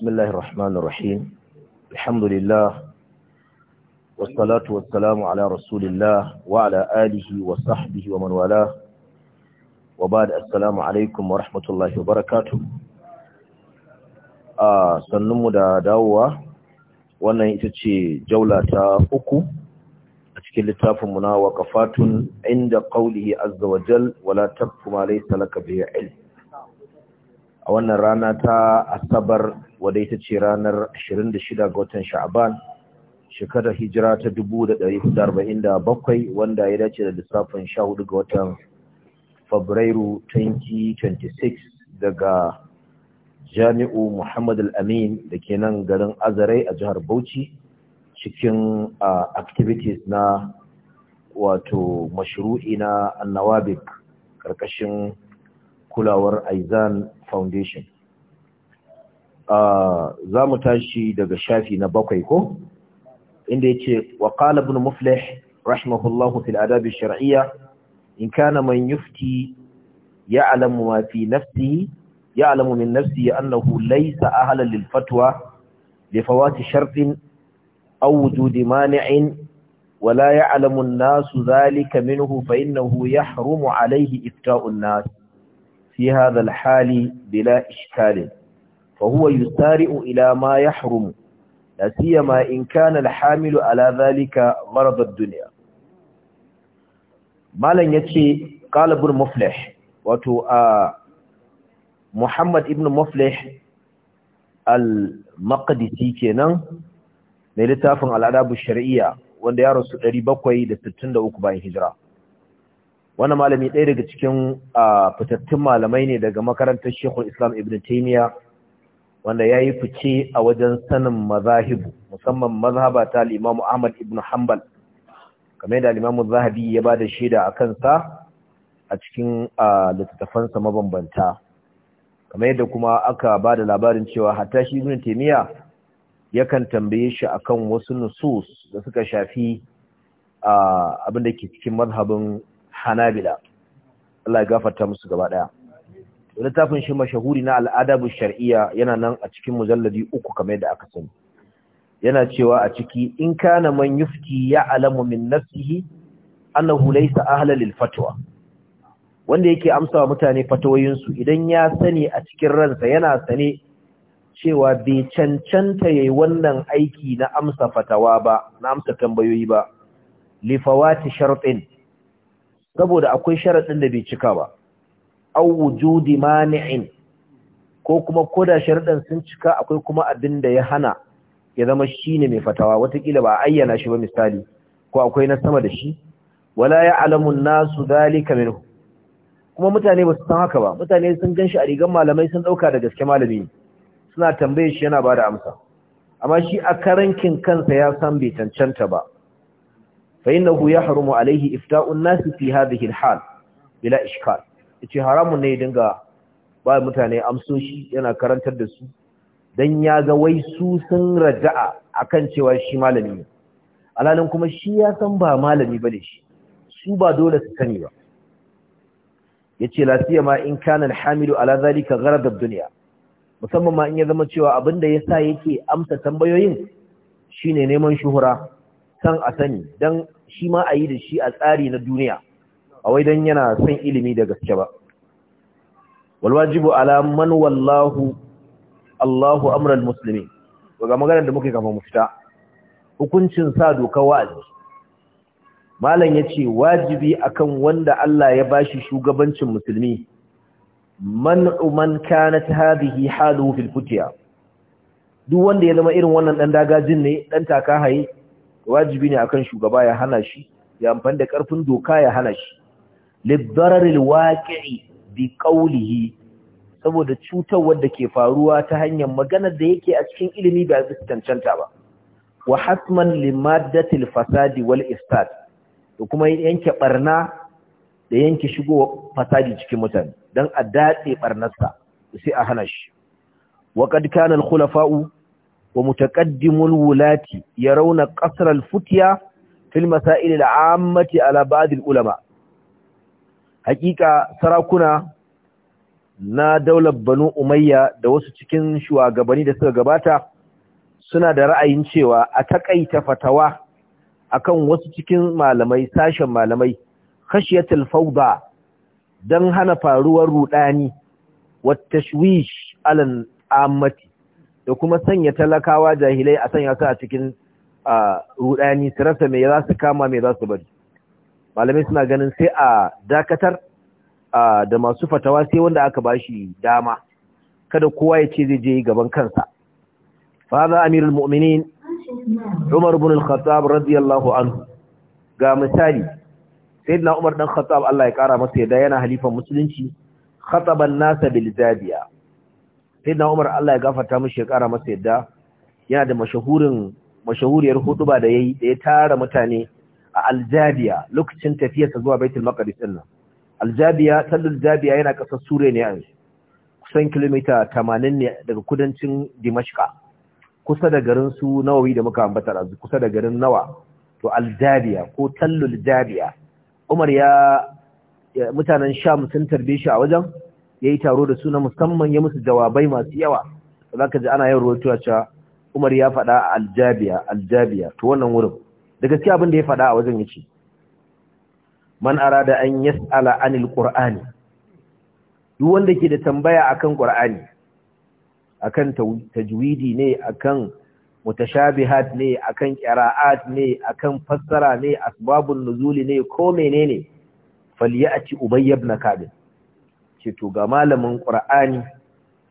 بسم الله الرحمن الرحيم الحمد لله والصلاة والسلام على رسول الله وعلى آله وصحبه ومن والاه وبعد السلام عليكم ورحمة الله وبركاته آه سنمو دا داوة وانا يتشي جولة أكو أتكي لتافمنا وقفات عند قوله عز وجل ولا تقف ما ليس لك به علم a wannan rana ta asabar wadda ita ce ranar 26 ga watan sha'aban shekarar hijira ta 1447 wanda ya dace da lissafin 14 ga watan fabrairu 2026 daga jami'u muhammad al-amin da ke nan garin azarai a jihar bauchi cikin activities na wato mashru'i na annawabik karkashin kulawar Aizan Foundation. Za mu tashi daga shafi na bakwai ko? Inda ya ce, wa bin Muflih, rahimahullahu fil adabi shar'iyya, in kana man yufti ya alamu ma fi nafsihi, ya alamu min nafsihi annahu laisa ahalan lil fatwa li fawati shartin aw wujudi mani'in ولا nasu zalika ذلك منه فإنه يحرم alaihi ifta'un الناس في هذا الحال بلا إشكال فهو يسارع إلى ما يحرم لا سيما إن كان الحامل على ذلك مرض الدنيا malam ya ce ƙalibin mufleh wato a muhammad ibn mufleh al-maqdisi kenan mai littafin al'adabu shari'a wanda ya rasu 763 bayan hijira Wani malami ɗaya daga cikin fitattun malamai ne daga makarantar shekul islam ibn Taimiyya. wanda ya yi fice a wajen sanin mazahibu musamman mazhaba ta limamu ahmad ibn hanbal kamar yadda limamu zahabi ya ba da shaida a kansa a cikin littattafansa mabambanta kamar yadda kuma aka ba da labarin cewa hatta shi ibn taimiyya yakan tambaye shi akan wasu nusus da suka shafi abin da ke cikin mazhabin hanabila Allah ya gafarta musu gaba daya littafin shi mashahuri na al'adabu shar'iyya yana nan a cikin mujalladi uku kamar yadda aka sani yana cewa a ciki in kana man yufti ya alamu min nafsihi annahu laysa ahla lil fatwa wanda yake amsawa mutane fatawoyin su idan ya sani a cikin ransa yana sane cewa bai cancanta yayi wannan aiki na amsa fatawa ba na amsa tambayoyi ba li fawati shartin saboda akwai sharaɗin da bai cika ba au wujudi mani'in ko kuma koda sharaɗin sun cika akwai kuma abin da ya hana ya zama shi ne mai fatawa watakila ba a ayyana shi ba misali ko akwai na sama da shi wala ya alamun nasu zali minhu kuma mutane ba su san haka ba mutane sun gan shi a rigan malamai sun ɗauka da gaske malami suna tambaye shi yana ba da amsa amma shi a karankin kansa ya san bai cancanta ba فإنه يحرم عليه إفتاء الناس في هذه الحال بلا إشكال إيش haramun ne dinga ba mutane amsoshi yana karantar da su dan ya ga wai su sun raja'a akan cewa shi malami ne alalin kuma shi ya san ba malami bane shi su ba dole su sani ba yace la siyama in kana alhamilu ala zalika gharad ad-dunya musamman ma in ya zama cewa abinda yasa yake amsa tambayoyin shine neman shuhura san a sani don shi ma a yi da shi a tsari na duniya a wai don yana son ilimi da gaske ba walwajibu ala wallahu Allahu amuran musulmi ga maganar da muke kama mufita hukuncin sa doka wa'azi malam ya ce wajibi akan wanda Allah ya bashi shugabancin musulmi man man ta hadhihi haluhu fil filfutiya, duk wanda ya zama irin wannan dan dagajin ne dan takahaye wajibi ne akan shugaba ya hana shi ya amfani da karfin doka ya hana shi liddararil waqi'i bi qawlihi saboda cutar wadda ke faruwa ta hanyar maganar da yake a cikin ilimi ba zai cancanta ba wa hasman limaddatil fasadi wal istat da kuma yanke barna da yanke shigo fasadi cikin mutane dan a dace barnarsa sai a hana shi wa qad kana al khulafa'u wa mutaqaddimul wulati yarawna qasr al-futya fil masail al-ammati ala ba'd al-ulama Haƙiƙa, sarakuna na daular banu umayya da wasu cikin shugabanni da suka gabata suna da ra'ayin cewa a taƙaita fatawa akan wasu cikin malamai sashen malamai khashiyatul fawda dan hana faruwar rudani wat tashwish alan ammati da kuma sanya talakawa jahilai a sanya su a cikin rudani su rasa me za su kama mai za su bari malamai suna ganin sai a dakatar da masu fatawa sai wanda aka ba shi dama kada kowa ya ce zai je gaban kansa fada amirul mu'minin Umar ibn al-Khattab radiyallahu anhu ga misali sayyidina Umar dan Khattab Allah ya kara masa yadda yana halifan musulunci khataban nasa bil sai na umar Allah ya gafarta mishi ya kara masa yadda yana da mashahurin mashahuriyar huduba da yayi da ya tara mutane a Aljabiya lokacin tafiyarsa zuwa Baitul Maqdis din nan aljabiya sallul jabiya yana kasar Sure ne yanzu kusan kilomita 80 ne daga kudancin dimashka kusa da garin su Nawawi da muka ambata da kusa da garin Nawa to Aljabiya ko Tallul Jabiya, Umar ya mutanen Sham sun tarbe shi a wajen ya yi taro da su na musamman ya musu jawabai masu yawa za ka ji ana yin ruwatuwa cewa umar ya faɗa a aljabiya aljabiya to wannan wurin da gaskiya abin da ya faɗa a wajen ya ce man arada an yas'ala anil qur'ani duk wanda ke da tambaya akan qur'ani akan tajwidi ne akan mutashabihat ne akan qira'at ne akan fassara ne asbabun nuzuli ne ko menene falyati ubay na kabir ce to ga malamin qur'ani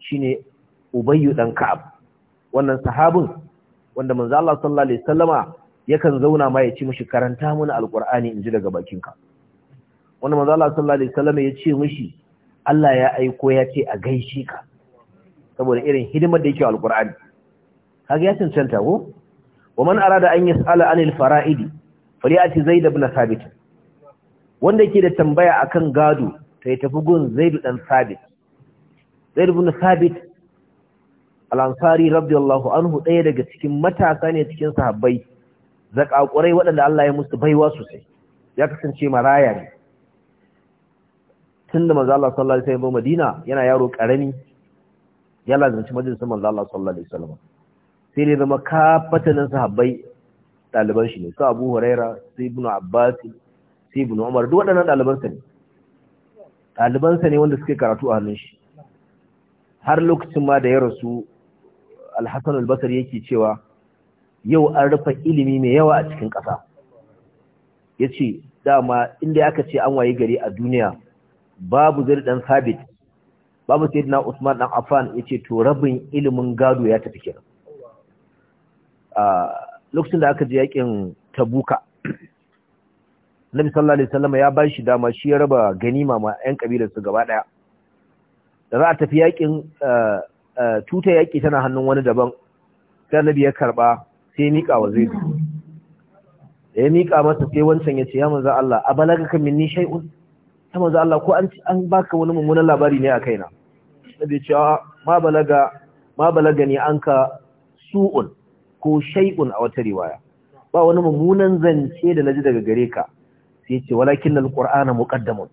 shine ubayyu dan ka'ab wannan sahabin wanda manzo Allah sallallahu alaihi wasallama yakan zauna ma ya ce mishi karanta mana alqur'ani inji daga bakinka wanda manzo Allah sallallahu alaihi wasallama ya ce mishi Allah ya aiko ya ce a gaishe ka saboda irin hidimar da yake wa alqur'ani kaga ya cancanta ko wa man arada an yas'ala anil fara'idi falyati zaid ibn thabit wanda yake da tambaya akan gado to ya tafi gun zaidu dan sabit zaidu bin sabit rabbi ansari an anhu ɗaya daga cikin matasa ne cikin sahabbai zaƙaƙurai waɗanda Allah ya musu baiwa sosai ya kasance maraya ne tunda manzo Allah sallallahu alaihi wasallam Madina yana yaro ƙarami, ya lazanci majalisar manzo Allah sallallahu alaihi wasallam sai ne zama kafatanin sahabbai ɗaliban shi ne su Abu Huraira su Ibn Abbas su Ibn Umar duk waɗannan ɗalibansa ne ɗalibansa ne wanda suke karatu a hannun shi har lokacin ma da ya rasu alhassan albasar yake cewa yau an rufe ilimi mai yawa a cikin ƙasa ya ce dama inda aka ce an waye gari a duniya babu zai ɗan sabit babu sai na usman ɗan afan ya ce to rabin ilimin gado ya tafi kenan lokacin da aka je yakin tabuka Nabi sallallahu alaihi wasallam ya ba shi dama shi ya raba ganima ma ƴan kabilar su gaba daya da za a tafi yakin eh, eh, tuta yaki tana hannun wani daban sai Nabi ya karba sai ya mika wa Zaid ya mika masa sai wancan ya ce ya manzo Allah kan minni shay'un ya manzo Allah ko an an baka wani mummunan labari ne a kaina Nabi ya ce ma balaga ma an anka su'un ko shay'un a wata riwaya ba wani mummunan zance da naji daga gare ka sai ce walakin alqur'ana muqaddamun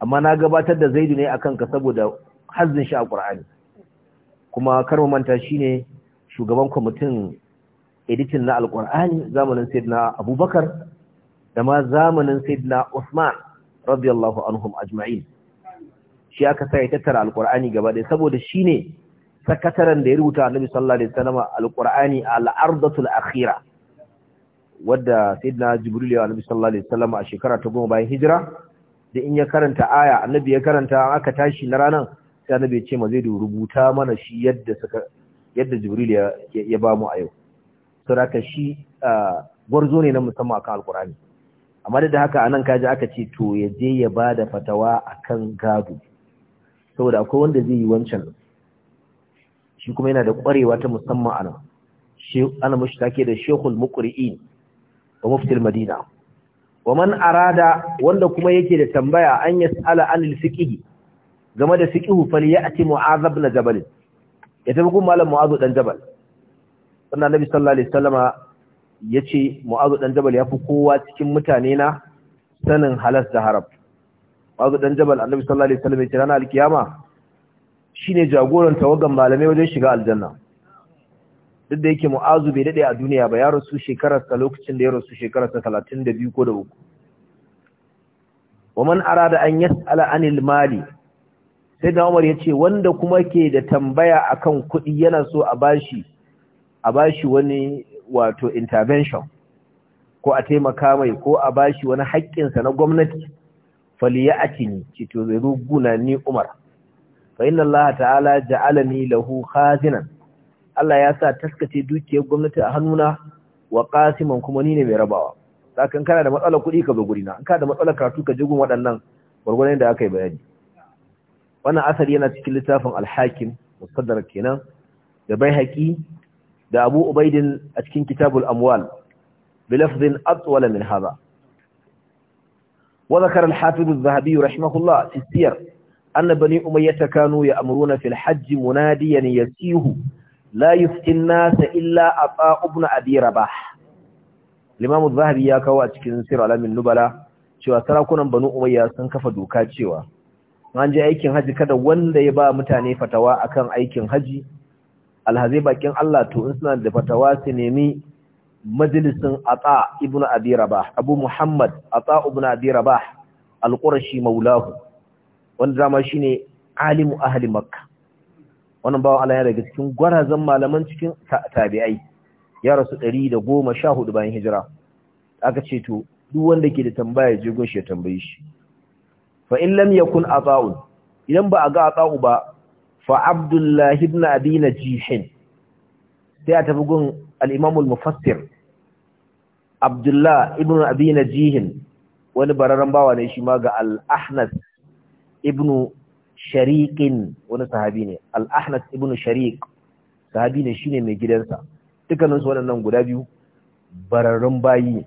amma na gabatar da zaidu ne akan ka saboda hazin shi a qur'ani kuma kar mu manta shine shugaban kwamitin editin na alur'ani zamanin sayyidina abubakar da ma zamanin sayyidina usman radiyallahu anhum ajma'in shi aka ya tattara alqur'ani gaba ɗaya saboda ne sakataren da ya rubuta annabi sallallahu alaihi wasallam alqur'ani al-ardatul akhirah wadda sayyidina jibril ya annabi sallallahu alaihi wasallam a shekara ta goma bayan hijira da in ya karanta aya annabi ya karanta aka tashi na ranar sai annabi ya ce ma zai rubuta mana shi yadda suka yadda jibril ya ya ba mu a yau saboda shi gwarzo ne na musamman akan alqur'ani amma da haka anan kaji aka ce to ya je ya bada fatawa akan gado saboda akwai wanda zai yi wancan shi kuma yana da kwarewa ta musamman anan shi ana mushi take da shekul muqri'in wa muftil madina wa man arada wanda kuma yake da tambaya an yas'ala anil fiqh game da fiqh falyati mu'adh ibn jabal ya tafi kuma malam mu'adh dan jabal sannan nabi sallallahu alaihi wasallama yace mu'adh dan jabal fi kowa cikin mutane na sanin halas da haram mu'adh dan jabal annabi sallallahu alaihi wasallama ce ranar alkiyama shine jagoran tawagan malamai wajen shiga aljanna duk da yake mu'azu bai dade a duniya ba ya rasu shekararsa lokacin da ya rasu shekararsa 32 ko da uku wa man arada an yas'ala anil mali sai da Umar yace wanda kuma ke da tambaya akan kuɗi yana so a bashi a bashi wani wato intervention ko a taimaka mai ko a bashi wani haƙƙinsa na gwamnati faliya'atini cito zai ruguna ni Umar fa inna Allah ta'ala ja'alani lahu khazinan Allah ya sa taskace dukiyar gwamnati a hannuna wa qasiman kuma ni ne mai rabawa sakan kana da matsalar kuɗi ka zo gurina in ka da matsalar karatu ka je waɗannan gurgurin da aka yi bayani wannan asali yana cikin littafin alhakim hakim musaddar kenan da baihaqi da abu ubaidin a cikin kitabul amwal bilafzin atwala min hadha وذكر الحافظ الذهبي رحمه الله في السير أن بني أمية كانوا يأمرون في الحج مناديا yasihu la yuftin nasa illa Atsa Ibnu abi rabah limamu zahabi ya kawo a cikin sirr alamin nubala cewa sarakunan banu umayya sun kafa doka cewa an je aikin haji kada wanda ya ba mutane fatawa akan aikin haji alhazai bakin Allah to in suna da fatawa su nemi majalisin ata ibn abi rabah abu muhammad ata ibn abi rabah al maulahu wanda zama shine alimu ahli makka wannan bawan Allah ya daga cikin gwarazan malaman cikin tabi'ai ya rasu 114 bayan hijira aka ce to duk wanda ke da tambaya je gun shi ya tambaye shi fa in lam yakun ata'u idan ba a ga ata'u ba fa abdullah ibn abi jihin. sai a tafi gun al-imam al-mufassir abdullah ibn abi jihin wani bararan bawa ne shi ma ga al-ahnas ibn shariƙin wani sahabi ne al-ahnas ibn shariq sahabi ne shine mai gidansa dukkanin su waɗannan guda biyu bararrun bayi ne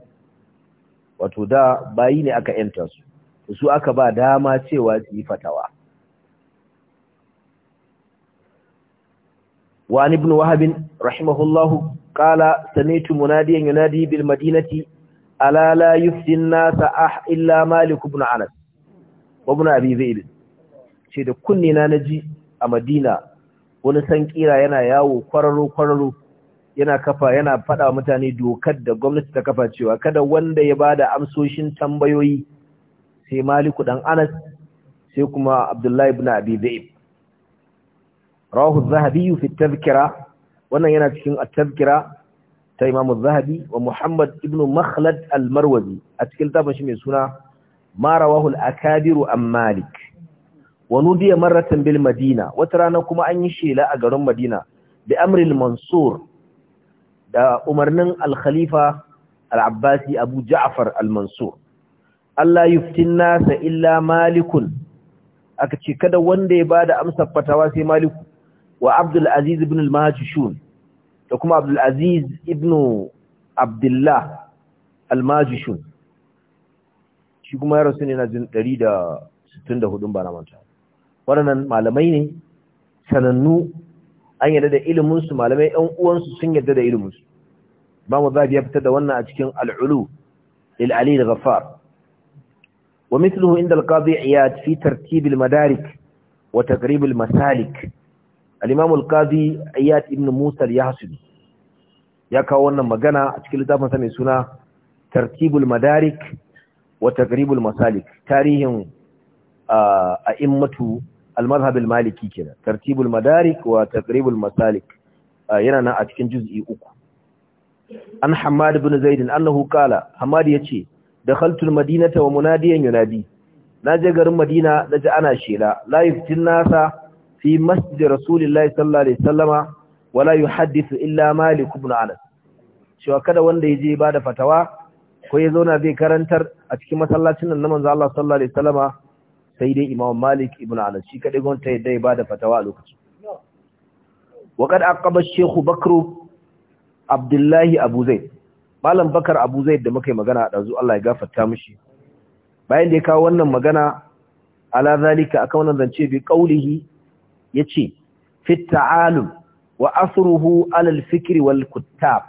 wato da bayi ne aka yanta su su aka ba dama cewa su yi fatawa وعن ابن وهب رحمه الله قال سمعت مناديا ينادي بالمدينة ألا لا يفتي الناس أح إلا مالك بن عنس وابن أبي ذئب ce da kunne na naji a Madina wani san kira yana yawo kwararo kwararo yana kafa yana faɗa mutane dokar da gwamnati ta kafa cewa kada wanda ya bada amsoshin tambayoyi sai Maliku dan Anas sai kuma Abdullahi ibn Abi Zaib rawahu zahabi fi tazkira wannan yana cikin at-Tadhkira ta Imam zahabi wa Muhammad ibn Makhlad al-Marwazi a cikin tafsir mai suna ma rawahu al-Akabiru an Malik wa nudiya marratan bil madina wata rana kuma an yi shela a garin madina bi amril mansur da umarnin al-khalifa al-abbasi abu al-mansur Allah yuftin nasa illa malikun aka ce kada wanda ya bada amsa fatawa sai maliku wa abdul aziz ibn al da kuma abdul aziz ibn abdullah al-majshun shi kuma ya rasu ne na 164 ba na manta waɗannan malamai ne sanannu an yarda da iliminsu malamai ɗan uwansu sun yarda da iliminsu ba mu ya fitar da wannan a cikin al'ulu lil'ali da Zafar. wa mithluhu inda al-qadi iyad fi tartib madarik wa taqrib masalik alimamul imam al-qadi ibn musa al ya kawo wannan magana a cikin littafin sa mai suna tartibul madarik wa taqribul masalik tarihin ah, a'immatu al-mazhab maliki kenan tartibul madarik wa taqribul masalik yana nan a cikin juz'i uku an hamad ibn zaid annahu qala hamad yace dakhaltu al-madinata wa munadiyan yunadi naje garin madina na ji ana shela la yuftin nasa fi masjid rasulillahi sallallahu alaihi wasallama wala yuhaddithu illa malik ibn anas cewa kada wanda ya je bada fatawa ko ya zauna zai karantar a cikin masallacin nan na manzo Allah sallallahu alaihi sai dai imam malik ibn ala shi kaɗai gwanta yadda ya bada fatawa a lokacin Waƙar عقب الشيخ بكر عبد الله ابو malam bakar abu zaid da muka yi magana a ɗazu Allah ya gafarta mishi bayan da ya kawo wannan magana ala zalika aka wannan zance bi qaulihi yace fit ta'alum wa asruhu ala al-fikr wal kuttab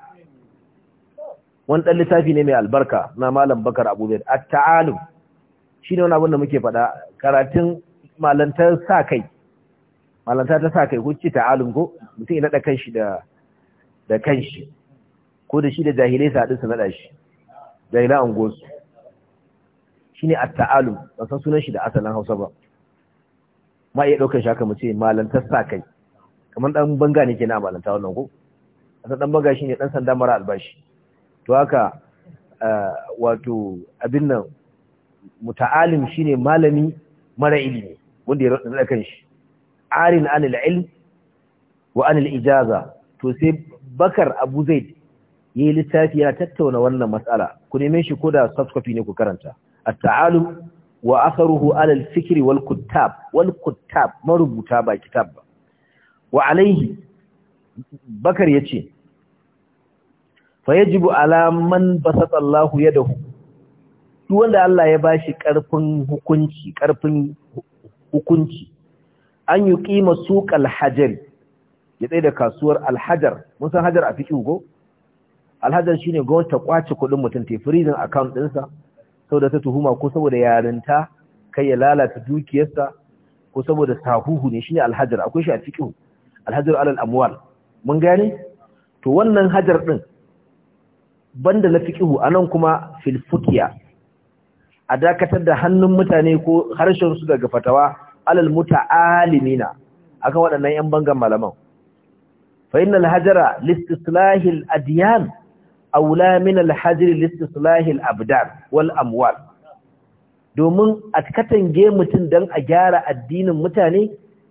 wannan littafi ne mai albarka na malam bakar abu zaid at-ta'alum ne wani abin da muke faɗa karatun malantar sa kai malanta ta sa kai ko ta ta'alum ko mutum ya naɗa kanshi da kanshi ko da shi da jahilai sa haɗu su naɗa shi gosu shi ne a taalum ba san sunan shi da asalin Hausa ba ma iya ɗaukar shi haka mu ce malantar sa kai kamar ɗan banga ne ke a malanta wannan ko a ɗan banga shi ne ɗan sanda mara albashi to haka eh, wato abin nan muta'alim shine malami mara ilimi wanda ya rada kanshi arin anil ilm wa anil ijaza to sai bakar abu zaid yayi littafi ya tattauna wannan matsala ku neme shi koda soft copy ne ku karanta at-ta'alum wa akharuhu ala al-fikri wal kuttab wal kuttab marubuta ba kitab ba wa alaihi bakar yace fa yajibu ala man basata Allah yadahu duk wanda Allah ya bashi karfin hukunci karfin hukunci an yi kima al hajar ya tsaye da kasuwar alhajar mun san hajar a fiki go alhajar shine gwamnati ta kwace kudin mutum ta freezing account ɗinsa saboda ta tuhuma ko saboda yarinta kai ya lalata dukiyarsa ko saboda sahuhu ne shine alhajar akwai shi a fiqh alhajar alal amwal mun gane to wannan hajar din banda na fiqihu anan kuma fil fuqiya a dakatar da hannun mutane ko harshen su daga fatawa alal muta'alimina akan waɗannan yan bangan malaman fa innal hajara listislahi adyan aula min al hajri listislahi abdan wal amwal domin a katange mutum dan a gyara addinin mutane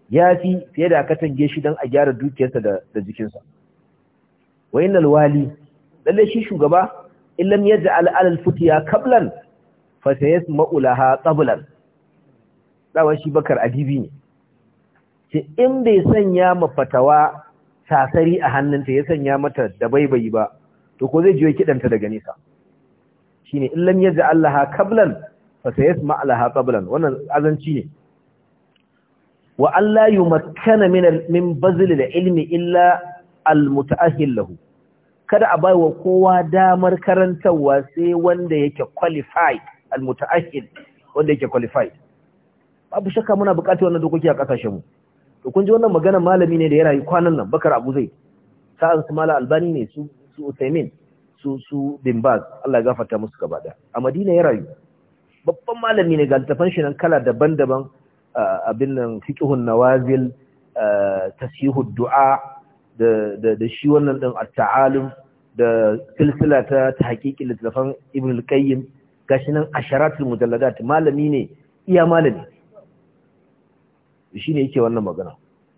ya fi fiye da a katange shi dan a gyara dukiyarsa da jikinsa wa innal wali lalle shi shugaba illam yaj'al al futiya kablan fa sayasma'u laha qablan shi bakar adibi ne ce in bai sanya ma fatawa sasari a hannunta ya sanya mata da baibayi ba to ko zai jiyo kidanta daga nesa shine in lam yaja allaha qablan fa sayasma allaha wannan azanci ne wa alla yumakkana min bazili da ilmi illa al lahu kada a baiwa kowa damar karantarwa sai wanda yake qualified al almutaahid wanda yake qualified babu shakka muna buƙatar wannan dokoki a kasashen mu to kun ji wannan magana malami ne da ya rayu kwanan nan Bakar Abu Zaid sa'an su mala Albani ne su su su su Bin Allah ya gafarta musu gaba da a Madina ya rayu babban malami ne ga littafan shi nan kala daban-daban abin nan fiqhun nawazil tasihud du'a da shi wannan din at-ta'alum da silsila ta hakikin littafan ibn al-qayyim gashi nan asharatul mujalladat malami ne iya malami shine yake wannan magana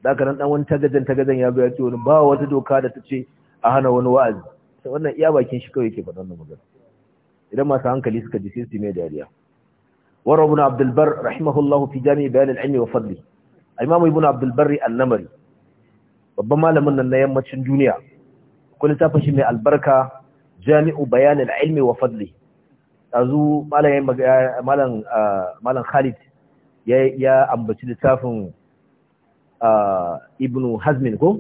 da haka nan dan wani tagajan tagajan ya zo ya ce wani ba wata doka da ta ce a hana wani wa'azi sai wannan iya bakin shi kawai yake faɗa wannan magana idan masu hankali suka ji sai su mai dariya wa ibn abdul bar rahimahullahu fi jami' bayan al-ilmi wa fadli imam ibn abdul bar al-namari babban malamin nan na yammacin duniya kullu tafin shi mai albarka jami'u bayan al-ilmi wa fadli Yanzu malam Khalid ya ambaci littafin ibnu hazmin ko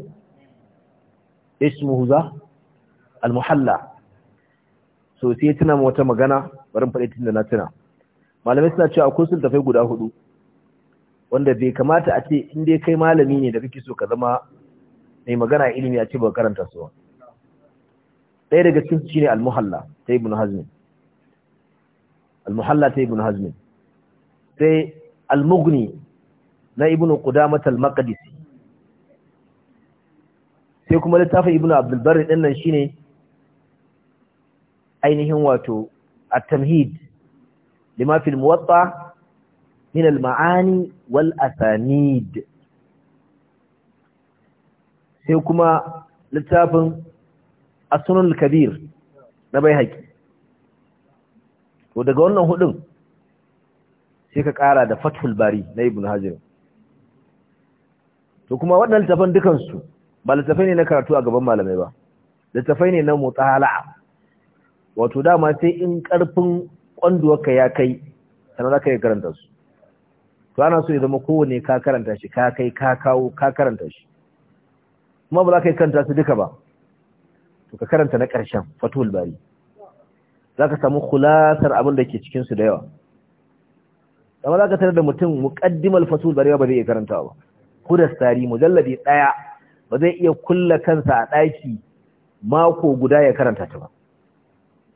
ismuhu za al-muhalla so sai tuna wata magana barin faɗi da na tuna malamai suna cewa akwai tafai guda hudu wanda bai kamata a ce inda ya kai malami ne da kake so ka zama mai magana ilimi a ce ba karanta su ba ɗaya daga cikin shine al-muhalla ta ibnu hazmin al-muhalla ta ibn hazm sai al na ibn qudamah al-maqdisi sai kuma littafin ibn abdul ɗan nan shine ainihin wato at-tamhid lima fil min al-ma'ani wal asanid sai kuma littafin as kabir na bai haƙi to daga wannan hudun sai ka kara da fathul bari na ibn hajar to kuma waɗannan littafan dukansu ba littafai ne na karatu a gaban malamai ba littafai ne na mutala'a wato dama sai in karfin kwanduwarka ya kai sannan za yi karanta su to ana so ya zama kowane ka karanta shi ka kai ka kawo ka karanta shi kuma ba za ka yi karanta su duka ba to ka karanta na ƙarshen fatul bari za ka samu khulasar abin da ke cikinsu da yawa kama za ka tare da mutum muƙaddimal fasul ba ba zai iya karanta ba hudas tari mujalladi ɗaya ba zai iya kulla kansa a ɗaki mako guda ya karanta ta ba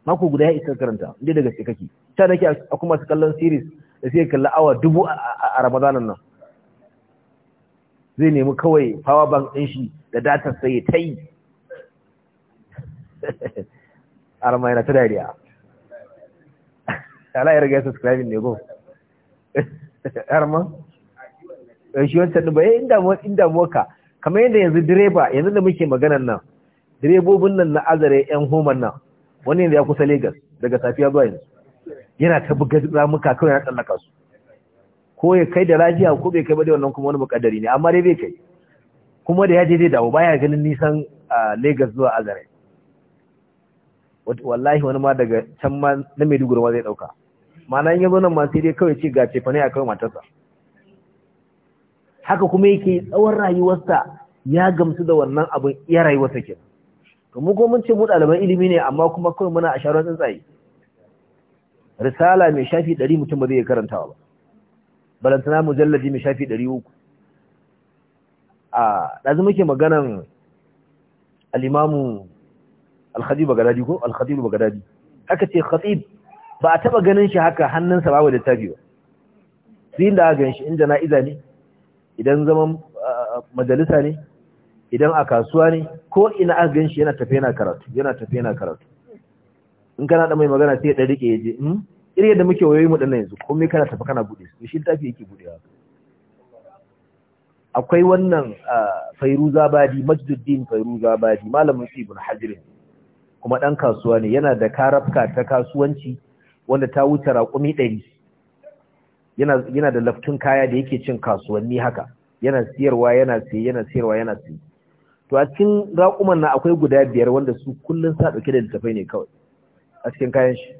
mako guda ya isa karanta inda daga gaske kake ta nake a kuma su kallon siris da sai kalla awa dubu a ramadanan nan zai nemi kawai power bank ɗin shi da datar sai ta yi a ramayana ta dariya ala ya riga ya subscribe ne go har ma eh, shi wancan ɗin ba ya eh, inda mu inda mu ka kamar yadda yanzu direba yanzu da muke maganan nan direbobin nan na azare yan homan nan wani yanzu ya kusa Legas daga safiya zuwa yanzu yana ta buga ramuka kawai na tsallaka su ko ya kai da rajiya ko bai kai ba da wannan kuma wani mukaddari ne amma dai bai kai kuma da ya je zai dawo baya ganin nisan Legas zuwa azare wallahi wani ma daga can ma na Maiduguri ma zai dauka ma'ana ya zonan ma sai dai kawai ce ga cefa ne a kawai matarsa haka kuma yake tsawon rayuwarsa ya gamsu da wannan abin iya rayuwarsa ke to mu mun ce mu ɗaliban ilimi ne amma kuma kawai muna a sharon tsuntsaye risala mai shafi ɗari mutum ba zai iya karantawa ba balantana mujallaji mai shafi ɗari uku a ɗazu muke maganan al'imamu alhadibu bagadadi ko alhadibu bagadadi aka ce khatib ba a taba ganin shi haka hannunsa babu littafi ba sai da aka ganshi in jana'iza ne idan zaman ah, majalisa ne idan a kasuwa ne ko ina aka ganshi yana tafe yana karatu yana tafe yana karatu in kana da mai magana sai ya rike je, in hmm? irin yadda muke wayoyi mu dan yanzu komai kana tafe kana bude su shi littafi yake budewa akwai wannan ah, Fairuza Badi Majduddin Fairuza Badi malamin Ibn Hajar kuma dan kasuwa ne yana da karafka ta kasuwanci wanda ta wuce raƙumi ɗari yana da laftun kaya da yake cin kasuwanni haka yana siyarwa yana siye yana siyarwa yana siye to a cikin raƙuman na akwai guda biyar wanda su kullum sa ɗauke da littafai ne kawai a cikin kayan shi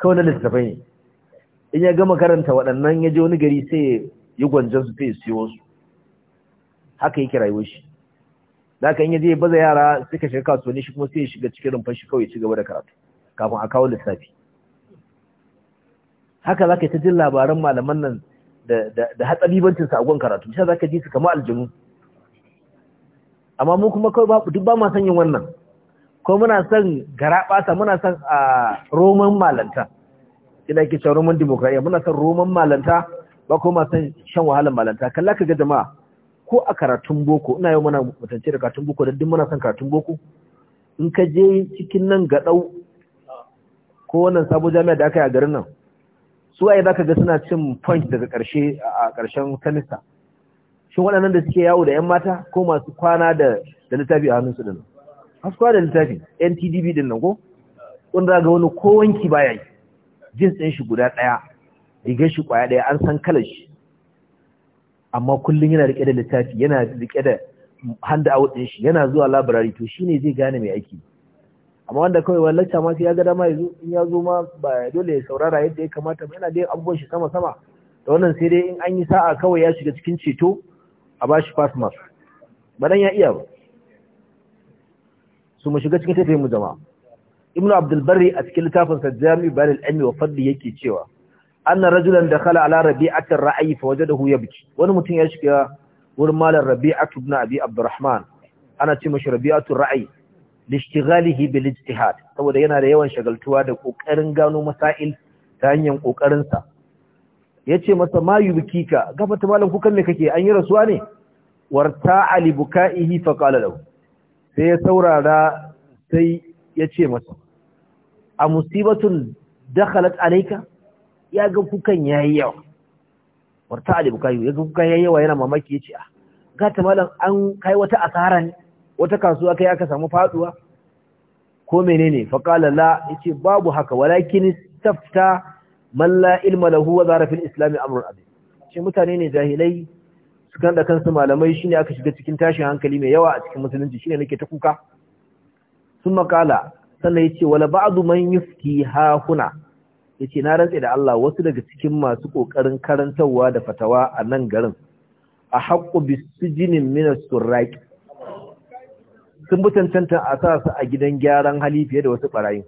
kawai na littafai ne in ya gama karanta waɗannan ya je wani gari sai ya gwanje su sai ya siyo su haka yake rayuwar shi da haka in ya je baza yara suka shiga kasuwanni shi kuma sai ya shiga cikin rumfar shi kawai ya ci gaba da karatu kafin a kawo lissafi haka za ka yi ta jin labaran malaman nan da hatsalibancin sagon karatu shi za ka ji su kama aljinu amma mu kuma kawai ba duk ba ma san yin wannan ko muna son garaɓasa muna son a roman malanta ina ke cewa roman demokradiyya muna son roman malanta ba ko ma son shan wahalan malanta kalla ka ga jama'a ko a karatun boko ina yau muna mutance da karatun boko da duk muna son karatun boko in ka je cikin nan gaɗau ko wannan sabo jami'a da aka yi a garin nan su waye zaka ga suna cin point daga karshe a karshen semester shin waɗannan da suke yawo da yan mata ko masu kwana da da littafi a hannunsu dinnan har kwana da littafi NTDB din nan ko kun ga wani ko wanki baya yi jeans shi guda daya rigar shi kwaya daya an san kalar shi amma kullum yana rike da littafi yana rike da handa out din shi yana zuwa library to shi ne zai gane mai aiki amma wanda kawai wani lacca ma sai ya ga dama yanzu in ya zo ma ba dole ya saurara yadda ya kamata ba yana da abubuwan shi sama sama da wannan sai dai in an yi sa'a kawai ya shiga cikin ceto a ba shi fast mark ba dan ya iya ba su mu shiga cikin tafiyar mu jama'a ibnu abdul barri a cikin littafin sa jami balil ilmi wa fadli yake cewa anna rajulan dakhala ala rabi'atir ra'i fa wajadahu yabki wani mutum ya shiga wurin malam rabi'atu ibn abi abdurrahman ana ce mashi rabi'atur ra'i lishtighalihi bil ijtihad saboda yana da yawan shagaltuwa da kokarin gano masail ta hanyar kokarin sa yace masa ma yubkika Gaba ta malam kukan me kake an yi rasuwa ne warta ali bukaihi fa qala lahu sai ya saurara sai yace masa a musibatun dakhalat alayka ya ga kukan yayi yawa warta ali bukaihi ya ga kukan yayi yawa yana mamaki yace ah gata malam an kai wata asara ne wata kasuwa kai aka samu faduwa ko menene fa qala la yace babu haka walakin tafta man la ilma lahu wa zara islam amrun abi shi mutane ne jahilai su da kansu malamai shine aka shiga cikin tashin hankali mai yawa a cikin musulunci shine nake ta kuka sun makala sannan yace wala ba'du man yufti ha kuna yace na rantse da Allah wasu daga cikin masu kokarin karantawa da fatawa a nan garin a haqqu bisujinin min as-surraqi sun bi cancanta a sa su a gidan gyaran hali fiye da wasu barayin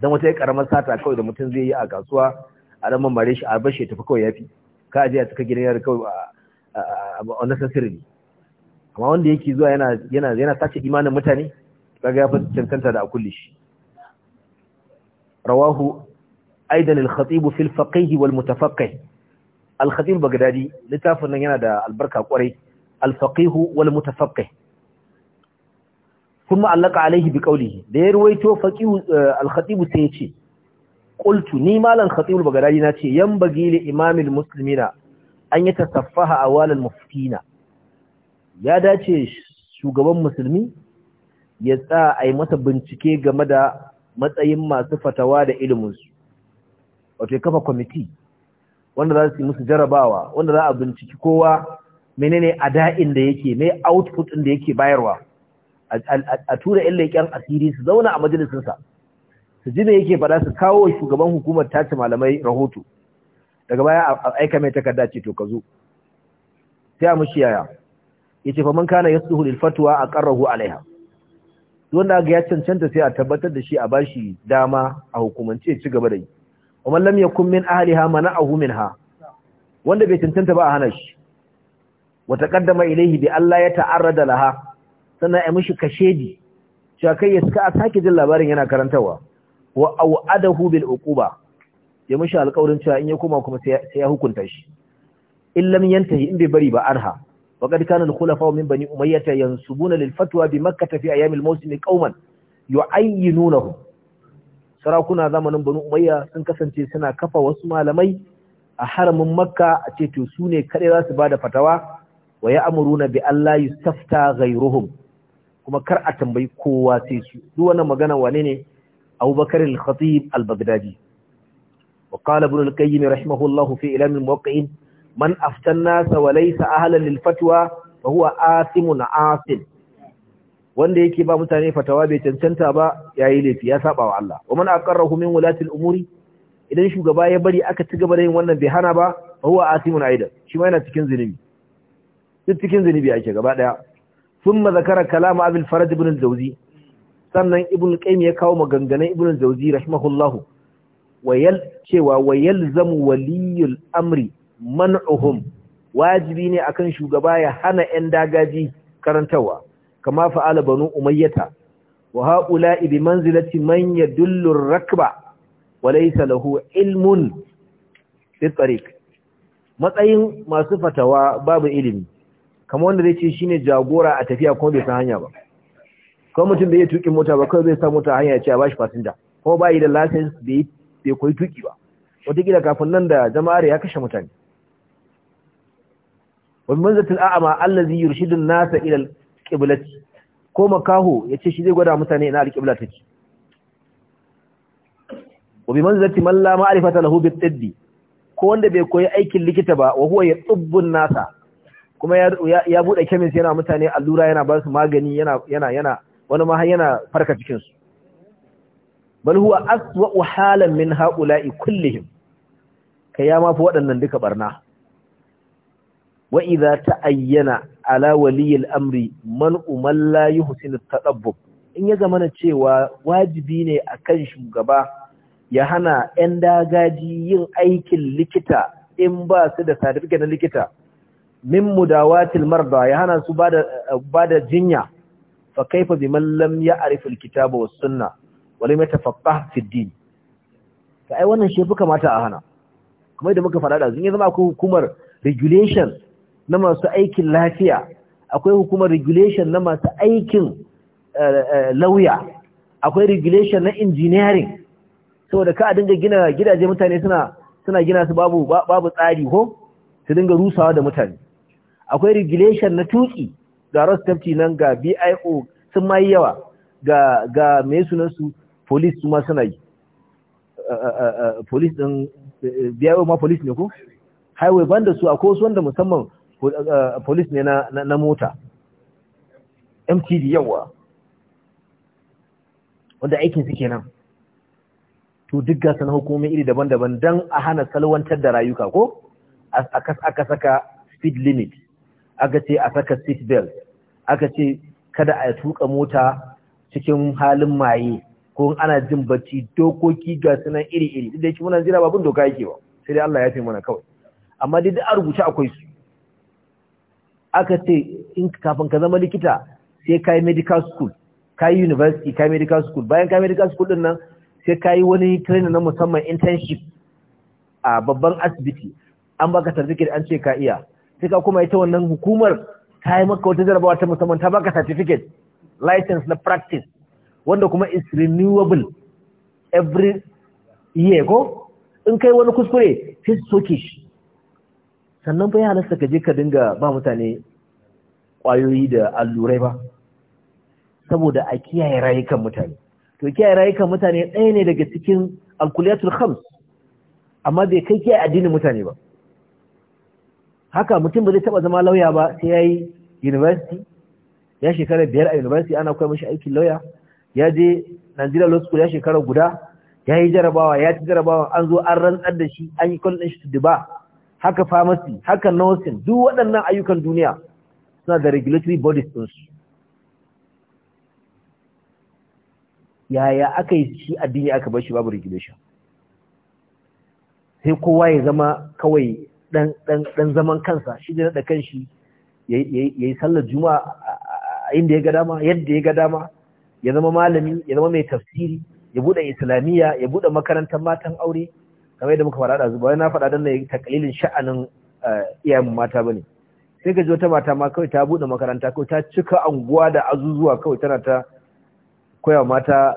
don wata karamar sata kawai da mutum zai yi a kasuwa a dan mamare shi a bashi tafi kawai ya fi ka je a cika gidan yara kawai a sassirin amma wanda yake zuwa yana yana sace imanin mutane kaga ya fi cancanta da akulli shi rawahu aidan al-khatib fi al-faqih wal mutafaqih al-khatib bagdadi littafin nan yana da albarka kwarai al-faqih wal mutafaqih kun ma'allaka alaihi bi da ya ruwaito faqihu eh, al-khatib sai ya ce qultu ni malan khatib al-baghdadi na ce 'yan bagi li imamil muslimina an yatasaffaha awal al mufkina ya dace shugaban musulmi ya tsaya ai masa bincike game da matsayin masu fatawa da iliminsu wato ya kafa kwamiti wanda za su yi musu jarabawa wanda za a binciki kowa menene ada'in da yake mai output da yake bayarwa a tura yan leƙen asiri su zauna a majalisinsa su ji yake fara su kawo shugaban hukumar tace malamai rahoto daga baya a aika mai takarda ce to ka zo sai a mushi yaya ya fa man kana ilfatuwa a fatwa aqarrahu alaiha wanda ga ya cancanta sai a tabbatar da shi a shi dama a hukumance ci gaba da yi kuma lam yakun min ahliha mana'ahu minha wanda bai cancanta ba a hana shi wa taqaddama ilayhi bi Allah ya ta'arrada laha sannan a mishi kashedi cewa kai ya suka a sake jin labarin yana karantarwa wa au'adahu bil uquba ya mishi alƙawarin cewa in ya koma kuma sai ya hukunta shi in lam yantahi in bai bari ba anha wa qad kana al khulafa min bani umayyah yansubuna lil fatwa bi makkah fi kauman. al mawsim qauman yu'ayyinunahu sarakuna zamanin bani umayya sun kasance suna kafa wasu malamai a haramin makka a ce to su ne kare za su bada fatawa wa ya'muruna bi alla yustafta ghayruhum kuma kar a tambayi kowa sai su duk wannan magana wane ne Abubakar al-Khatib al-Baghdadi wa qala ibn al-Qayyim rahimahullahu fi ilam al-muwaqqi'in man aftanna wa laysa ahlan lil-fatwa fa huwa asimun asim wanda yake ba mutane fatawa bai cancanta ba yayi laifi ya saba wa Allah wa man aqarrahu min wulati al-umuri idan shugaba ya bari aka ci gaba da yin wannan bai hana ba fa huwa asimun aidan shi ma yana cikin zunubi duk cikin zunubi ake gaba daya thumma zakara kalam abul faraj ibn al sannan ibn qayyim ya kawo maganganun ibn al-jawzi rahimahullahu wayal cewa wayal zamu waliyul amri man'uhum wajibi ne akan shugaba ya hana 'yan dagaji karantawa kama fa'ala banu umayyata wa haula'i bi manzilati man yadullu rakba wa laysa lahu ilmun fi tariq matsayin masu fatawa babu ilimi kamar wanda zai ce shi ne jagora a tafiya kuma bai san hanya ba kuma mutum bai yi tukin mota ba kawai zai sa mota hanya ya ce a bashi fasinja kuma ba yi da lasens bai koyi tuki ba wataƙila kafin nan da jama'ar ya kashe mutane wani manzatin a'ama zai yi nasa ila qiblati ko makaho ya ce shi zai gwada mutane ina alƙibla ta ce wabi manzati man la ma'rifata lahu bit-tibbi ko wanda bai koyi aikin likita ba wa huwa ya tsubbun nasa kuma ya buɗe kemis yana mutane allura yana ba su magani yana yana yana wani ma yana farka cikin su bal huwa aswa halan min haula'i kullihim kai ya mafi waɗannan duka barna wa idza ta'ayyana ala waliyil amri man umalla yuhsin at tadabbub in ya zamana cewa wajibi ne akan shugaba ya hana 'yan dagaji yin aikin likita in ba su da certificate na likita min mudawatil marda ya hana su bada jinya fa kaifa biman lam ya'rif alkitaba was sunna wa lam yatafaqqah fi din fa ai wannan shi fuka mata a hana kuma da muka faɗa da ya zama akwai hukumar regulation na masu aikin lafiya akwai hukumar regulation na masu aikin eh, eh, lauya akwai regulation na engineering saboda ka a dinga gina gidaje mutane suna suna gina su babu babu tsari ko su dinga rusawa da mutane akwai regulation na tuki ga rostafti nan ga bio sun ma yi yawa ga ga mai sunansu police su ma suna yi eh, eh, eh, police din bio ma police ne ko highway banda su akwai wasu wanda musamman police ne na mota mtd yawa wanda aikin su kenan to duk gasa na hukumomi iri daban-daban don a hana salwantar da rayuka ko a saka speed limit aka ce a saka seat belt aka ce kada a tuka mota cikin halin maye ko ana jin bacci dokoki ga sunan iri-iri duk da yake muna jira babun doka yake ba sai dai Allah ya fi mana kawai amma dai duk a rubuce akwai su aka ce in kafin ka zama likita sai ka yi medical school ka yi university ka medical school bayan ka yi medical school din nan sai ka yi wani training na musamman internship a babban asibiti an baka certificate an ce ka iya sai ka kuma ita wannan hukumar ta yi maka wata jarabawa ta musamman ta baka certificate license na practice wanda kuma is renewable every year ko in kai wani kuskure sai su soke shi sannan bai halasta ka je ka dinga ba mutane kwayoyi da allurai ba saboda a kiyaye rayukan mutane to kiyaye rayukan mutane ɗaya ne daga cikin alkuliyatul khams amma bai kai kiyaye addinin mutane ba haka mutum ba zai taba zama lauya ba sai ya yi university ya shekara biyar a university ana koya mashi aikin lauya ya je nigeria law school ya shekara guda ya yi jarabawa ya ci jarabawa an zo an rantsar da shi an yi kwallon shi ba. haka pharmacy haka nursing duk waɗannan ayyukan duniya suna da regulatory bodies su. yaya aka yi shi addini aka bar shi babu regulation sai kowa ya zama kawai ɗan zaman kansa shi ne da kanshi ya yi sallar juma'a inda ya ga dama yadda ya ga dama ya zama malami ya zama mai tafsiri ya buɗe islamiyya ya buɗe makarantar matan aure kamar yadda muka faɗa zuba na faɗa don na yi takalilin sha'anin iyayen mata ba ne sai ka ji wata mata ma kawai ta buɗe makaranta kawai ta cika anguwa da azuzuwa kawai tana ta koya mata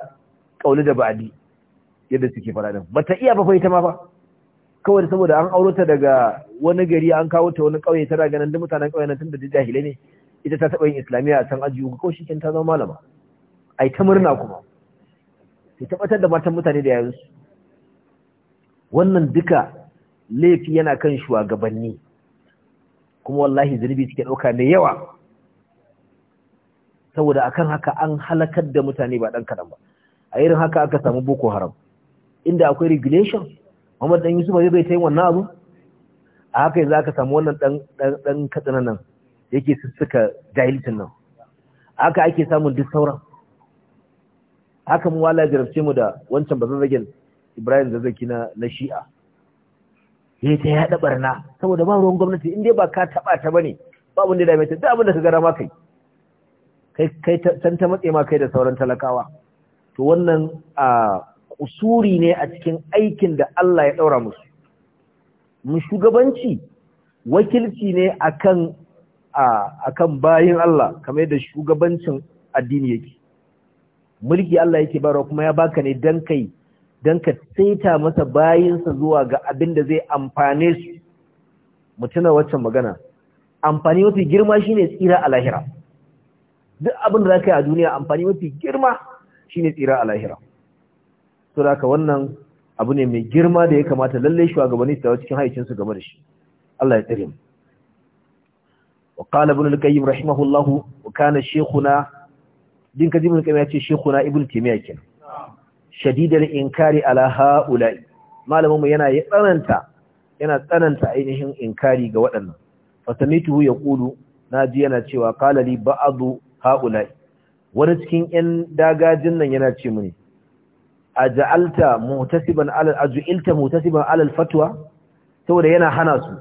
ƙauli da ba'adi yadda suke faɗa Ba ta iya ba fa ita ma ba kawai saboda an auro ta daga wani gari an kawo ta wani kauye tana ganin duk mutanen nan tun da jahilai ne ita ta taɓa yin islamiyya a san ajiyu uku shi kin ta zama malama ai ta murna kuma sai tabbatar da matan mutane da yayansu wannan duka laifi yana kan shugabanni kuma wallahi zunubi suke ɗauka mai yawa saboda akan haka an halakar da mutane ba dan kaɗan ba a irin haka aka samu boko haram inda akwai regulation Muhammad dan Yusuf bai ta yin wannan abu a haka yanzu aka samu wannan dan dan katsina nan yake sussuka jahilcin nan haka ake samun duk sauran haka mu wala jarabce mu da wancan bazazzagen Ibrahim zazzaki na na Shi'a yayi ta yada barna saboda ba ruwan gwamnati in dai ba ka taba ta bane ba wanda da dame ta abin da ka gara ma kai kai kai san ta matse ma kai da sauran talakawa to wannan a ah, kusuri ne a cikin aikin da Allah ya ɗaura musu. Mun shugabanci wakilci ne akan kan bayin Allah kamar yadda shugabancin addini yake. Mulki Allah yake barwa kuma ya baka ne don kai don ka saita masa bayinsa zuwa ga abin da zai amfane su. Mutuna waccan magana. Amfani mafi girma shine tsira a lahira. Duk abin da za ka yi a duniya amfani mafi girma shine tsira a lahira. so da wannan abu ne mai girma da ya kamata lalle shugabanni su dawo cikin haicinsu game da shi Allah ya tsare mu wa qala ibn al-qayyim rahimahullah wa kana shaykhuna din ka ibn al-qayyim ya ce shaykhuna ibn taymiya shadid al inkari ala haula'i malamin mu yana tsananta yana tsananta ainihin inkari ga waɗannan fatamituhu yaqulu naji yana cewa qala li ba'du haula'i wani cikin 'yan dagajin nan yana ce mini aj'alta mutasiban ala aj'ilta mutasiban ala alfatwa saboda yana hana su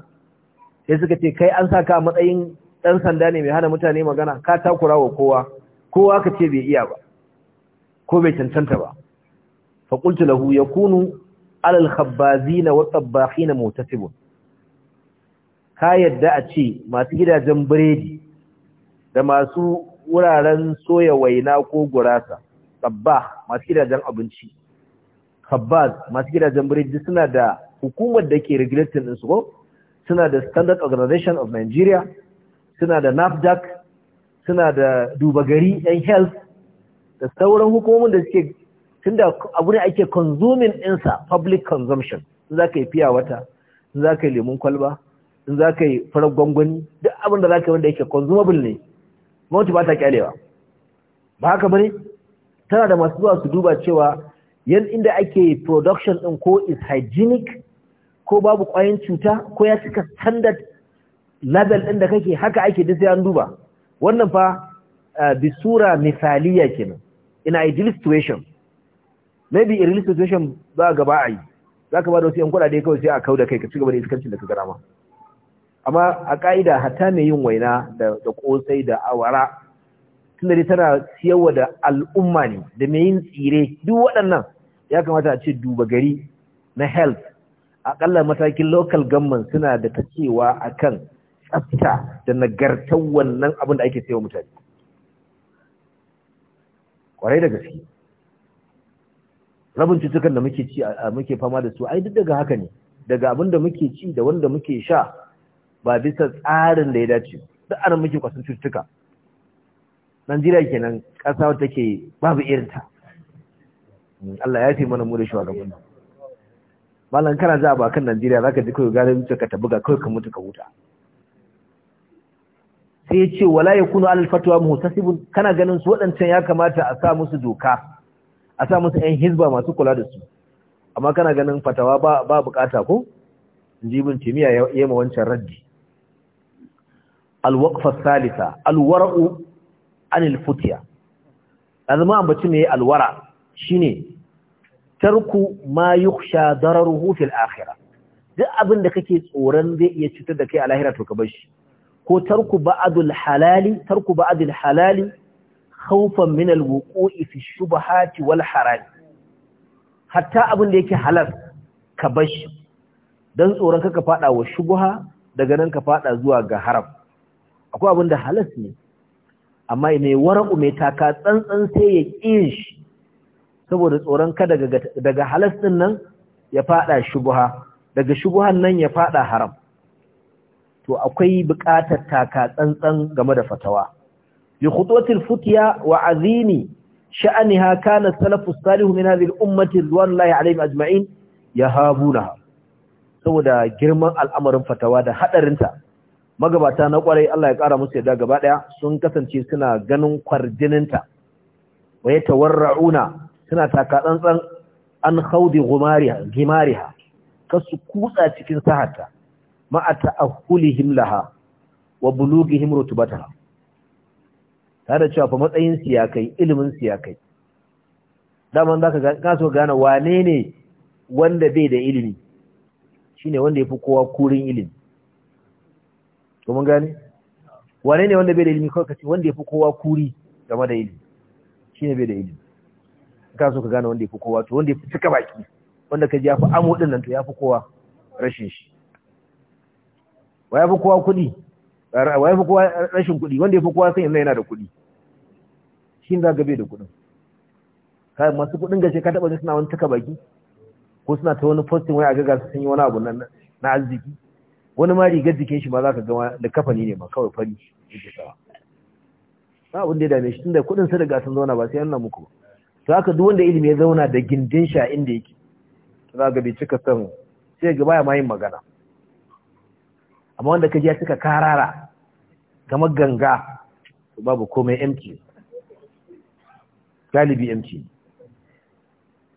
sai suka ce kai an saka a matsayin dan sanda ne mai hana mutane magana ka takurawa kowa kowa ka ce bai iya ba ko bai cancanta ba fa qultu lahu yakunu ala alkhabbazina wa tabbahin mutasibun ka yadda a ce masu gidajen biredi da masu wuraren soya waina ko gurasa tabba masu gidajen abinci Habbas masu gidajen biredi suna da hukumar da ke regulating din su ko suna da standard organization of nigeria suna da nafdac suna da duba gari yan health da sauran hukumomin da suke tun da abu ne ake consuming insa, public consumption in za ka yi fiya wata in za ka yi lemun kwalba in za ka yi farar gwangwani duk abin da za ka yi wanda yake consumable ne mota ba ta kyalewa ba haka bane tana da masu zuwa su duba cewa yan inda ake production din ko is hygienic ko babu kwayan cuta ko ya cika standard label din da kake haka ake da sai an duba wannan fa eh, bi-sura misaliya kenan in ideal situation maybe in real situation ba gaba a yi za ka ba da wasu yan kudade kawai sai a kau da kai ka cigaba da iskancin da ka gara ma amma a ka'ida hata mai yin waina da ƙosai da awara tunda dai tana siyarwa da al'umma ne da mai yin tsire duk waɗannan ya kamata a ce duba gari na health akalla matakin local government suna da ta cewa kan tsafta da nagartar wannan abin da ake sayo mutane kwarai da gaske rabin cutukan da muke ci muke fama da su ai duk daga haka ne daga abin da muke ci da wanda muke sha ba bisa tsarin da ya dace duk anan muke kwasan cututtuka Najeriya kenan ƙasa take babu irinta Allah ya fi mana mu da shugaban nan malam kana za a ba kan Najeriya zaka ji kai gari mutu ka buga kai ka mutu ka huta sai ya ce wala yakunu alal fatwa muhtasibun kana ganin su wadancan ya kamata a sa musu doka a sa musu ɗan hizba masu kula da su amma kana ganin fatawa ba ba bukata ko bin timiya ya yema wancan raddi alwaqfa salisa alwara'u anil futiya azma ambaci ne alwara' shine tarku ma yukhsha dararuhu fil akhirah duk abin da kake tsoron zai iya cutar da kai a lahira to ka bar shi ko tarku ba'dul halali tarku ba'dul halali khawfan min al wuqu'i fi shubahati wal haram hatta abin da yake halal ka bar shi dan tsoron kaka fada wa shubha daga nan ka fada zuwa ga haram akwai abin da halal ne amma mai wara'u mai taka tsantsan sai ya ƙin shi saboda tsoron kada daga halas ɗin nan ya fada shubha daga shubhan nan ya fada haram to akwai buƙatar taka tsantsan game da fatawa bi khutwatil futiya wa azini sha'aniha kana salafus salih min hadhihi al-ummati wallahi alaihim ajma'in habuna. saboda girman al'amarin fatawa da hadarinta magabata na kwarai Allah ya kara musu yadda gaba daya sun kasance suna ganin kwarjininta wa yatawarrauna suna taka tsantsan an haudi gimariha kasu kutsa cikin sahata ma'a ta'ahulihim laha wa bulughihim rutubataha tare cewa fa matsayin siyakai ilimin siyakai daman zaka ga kaso gane wane ne wanda bai da ilimi shine wanda yafi kowa kurin ilimi to mun gane wane ne wanda bai da ilimi kawai kace wanda yafi kowa kuri game da ilimi shine bai da ilimi ka so ka gane wanda ya fi kowa to wanda ya fi cika baki wanda ka ji ya fi amo din nan to ya fi kowa rashin shi wa ya fi kowa kuɗi wa ya fi kowa rashin kuɗi wanda ya fi kowa san yana da kuɗi shi za ga bai da kuɗin kai masu kuɗin gashi ka taɓa jin suna wani cika baki ko suna ta wani posting wai a ga gasu sun yi wani abu nan na arziki wani ma rigar jikin shi ma za ka gama da kafani ne ma kawai fari ke sawa na abin da ya dame shi tunda kuɗin su riga sun zauna ba sai yana muku ba to haka duk wanda ilimi ya zauna da gindin sha inda yake to za ga bai cika san sai ga baya mayin magana amma wanda kaji ya cika karara kamar ganga to babu komai empty galibi empty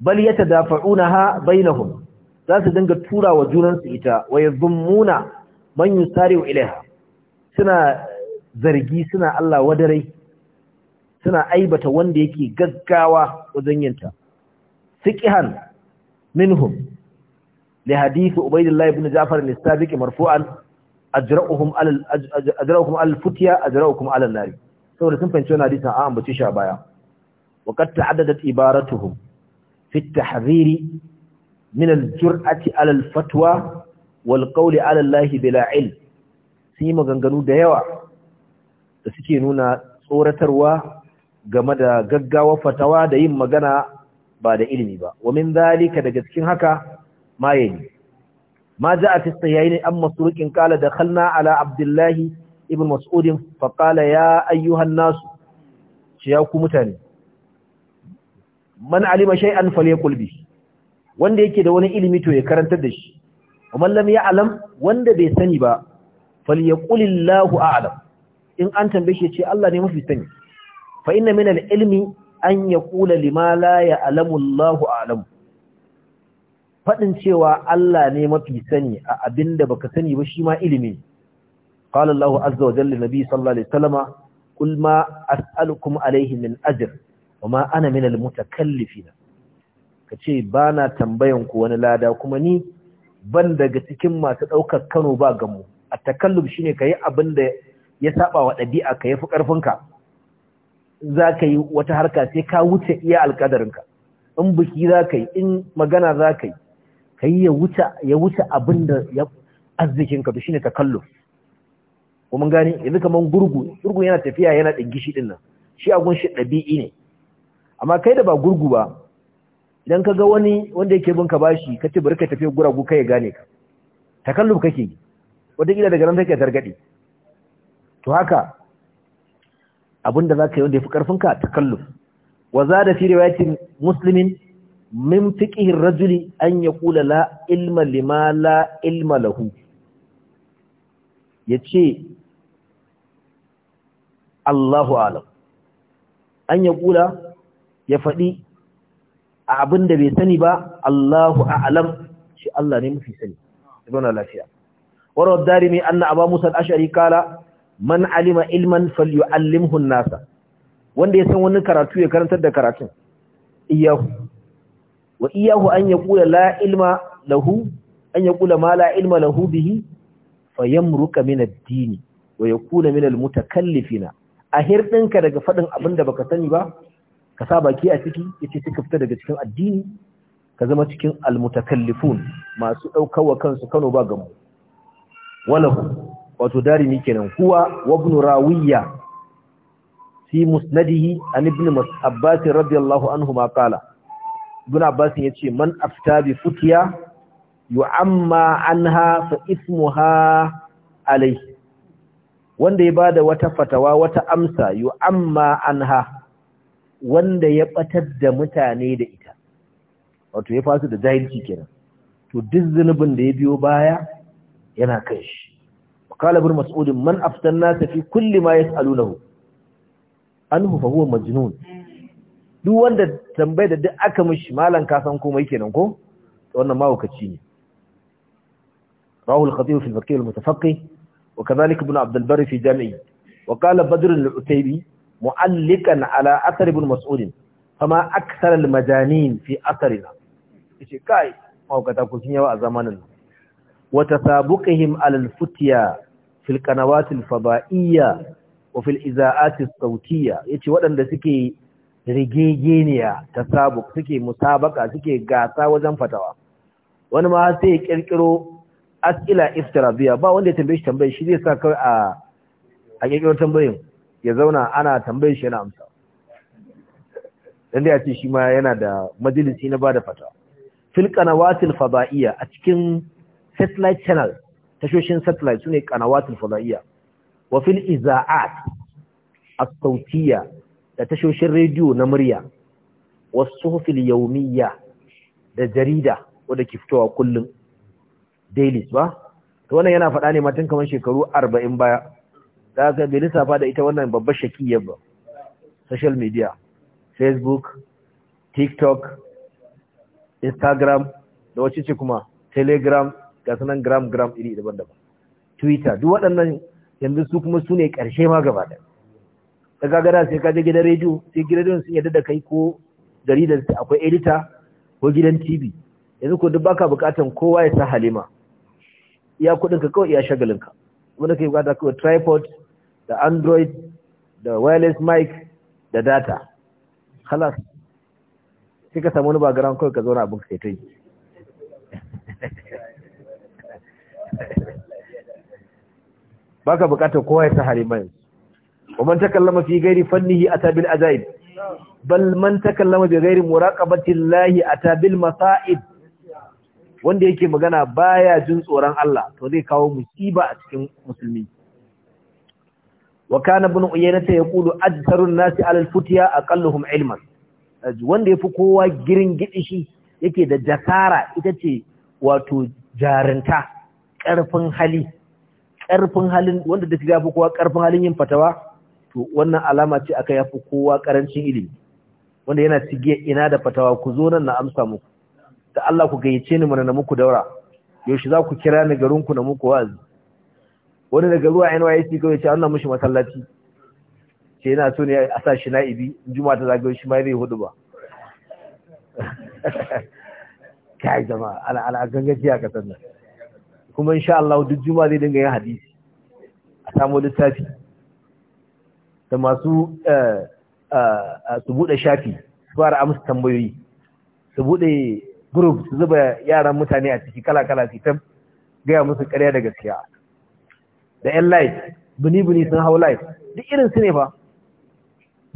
bal yatadafa'unaha bainahum za su dinga tura wa junansu ita wa yadhummuna man yusari'u ilaiha suna zargi suna Allah wadarai suna aibata wanda yake gaggawa wajen yinta siqihan minhum li hadith ubaydillah ibn ja'far al-sabiq marfu'an ajra'uhum al ajra'uhum al-futya ajra'ukum ala an-nar saboda sun fahimci wannan hadisin a ambace shi a baya وقد تعددت عبارتهم في التحذير من الجرأة fatwa الفتوى والقول على الله بلا علم sai maganganu da yawa da suke nuna tsoratarwa game da gaggawa fatawa da yin magana ba da ilimi ba wa min zalika daga cikin haka ma yayi ma jaa fi sahihaini an masruqin qala dakhalna ala abdullahi ibn mas'ud fa qala ya ayyuhan nas ya ku mutane man alima shay'an falyaqul bi wanda yake da wani ilimi to ya karantar da shi amma lam ya alam wanda bai sani ba falyaqulillahu a'lam in an tambaye shi ce Allah ne mafi sani fa inna min al-ilmi an yaqula lima la ya'lamu Allahu a'lam fadin cewa Allah ne mafi sani a abinda baka sani ba shi ma ilimi qala Allahu azza wa jalla nabi sallallahu alaihi wasallama qul ma as'alukum alaihi min ajr wa ma ana min al-mutakallifin kace bana tambayan ku wani lada kuma ni ban daga cikin masu daukar Kano ba gamu a takallub shine kai abinda ya saba wa dabi'a ka yafi karfinka za ka yi wata harka sai ka wuce iya alkadarinka in biki za ka yi in magana za ka yi ka yi ya wuce abin da ya shi to shine takalluf kuma gani yanzu kamar gurgu gurgu yana tafiya yana shi ɗin nan shi agun shi ɗabi'i ne amma kai da ba gurgu ba idan ka ga wani wanda yake bin ka bashi ka ce bari ka tafi guragu kai ya gane ka takalluf kake yi wataƙila daga nan take targaɗe to haka abinda ka yi wanda ya yafi karfinka takalluf wa da fi riwayatin musulmin min fiqhi ar-rajuli an ya kula la ilma lima la ilma lahu ya ce Allahu alam an ya kula ya faɗi fadi abinda bai sani ba Allahu a'lam shi Allah ne mafi sani ibn lafiya wa rawadarimi anna abu musa ashari kala man alima ilman falyu'allimhu nasa wanda ya san wani karatu ya karantar da karatun iyahu wa iyahu an yaqula la ilma lahu an yaqula ma la ilma lahu bihi fayamruka min addini, din wa yakuna min al-mutakallifina ahir dinka daga fadin abinda baka sani ba ka sa baki a ciki yace suka fita daga cikin addini ka zama cikin al-mutakallifun masu wa kansu kano ba gamu walahu wato darimi kenan kuwa wa ibn rawiya fi musnadihi an ibn abbas radiyallahu anhuma qala ibn abbas yace man afta bi futiya yu'amma anha fa ismuha alayhi wanda ya bada wata fatawa wata amsa yu'amma anha wanda ya batar da mutane da ita wato ya fasu da jahilci kenan to duk zunubin da ya biyo baya yana kai shi qala bin mas'ud man aftanna fi kulli ma yas'alunahu anhu fa huwa majnun duk wanda tambayar da duk aka mishi malan kasan san komai kenan ko wannan mahaukaci ne rahul khatib fi al-faqih al-mutafaqqih وكذلك ابن عبد البر في جامعه وقال بدر العتيبي معلقا على اثر ابن kama فما اكثر المجانين في اثرنا yace kai maukata ku yawa a zamanin nan وتسابقهم على الفتيا في القنوات الفضائية وفي الإذاءات الصوتية يتي ودن suke rigegeniya ta suke musabaka suke gasa wajen fatawa wani ma sai ya kirkiro as'ila iftirabiya ba wanda ya tambaye shi tambaye shi zai sa a a kirkiro tambayin ya zauna ana tambaye shi yana amsa dan da ya shi ma yana da majalisi na bada fatawa fil qanawatil a cikin satellite channel tashoshin satellite sune kanawatul fadaiya wa fil iza'at as-sautiyya da tashoshin radio na murya was suhufil yawmiyya da jarida wanda ke fitowa kullum daily ba to wannan yana faɗa ne matan kamar shekaru 40 baya da aka bai lissafa da ita wannan babbar shakiyya ba social media facebook tiktok instagram da wacce kuma telegram ga sunan gram gram iri daban-daban twitter duk waɗannan yanzu su kuma su ne ƙarshe ma gaba da ta gada sai ka je gidan rediyo sai gidan sun yadda da kai ko jaridar akwai edita ko gidan tv yanzu ko duk baka bukatan kowa ya sa halima iya kuɗin ka kawai iya shagalin ka wanda kai bukata kawai tripod da android da wireless mic da data halas sai ka samu wani background kawai ka zauna abin ka kai ta yi baka bukatar kowa ya sahare mai ومن تكلم في غير فنه أتى بالأجائب بل من تكلم بغير مراقبة الله أتى بالمصائب wanda yake magana baya jin tsoron Allah to zai kawo musiba a cikin musulmi wa kana ibn uyaynata yaqulu ajtarun nasi ala al-futiya aqalluhum ilman wanda yafi kowa girin gidishi yake da jakara ita ce wato jarinta karfin hali ƙarfin halin wanda da ya fi kowa ƙarfin halin yin fatawa to wannan alama ce aka yafi kowa ƙarancin ilimi wanda yana cige ina da fatawa ku zo nan na amsa muku da Allah ku gayyace ni mana na muku daura yaushe za ku kira ni garin ku na muku wazi wani daga zuwa NYC kawai ce Allah mushi masallaci ce yana so ne a sa shi na'ibi juma'a ta zagayo shi ma zai hudu ba kai jama'a ala ala gangaji a kasar nan kuma sha Allah duk juma'a zai dinga yin hadisi a samu littafi da masu eh, eh, su buɗe shafi su fara amsa tambayoyi su buɗe group su zuba yaran mutane a ciki kala-kala su ta gaya musu ƙarya da gaskiya da yan life, bini-bini sun hau life. duk irin su ne fa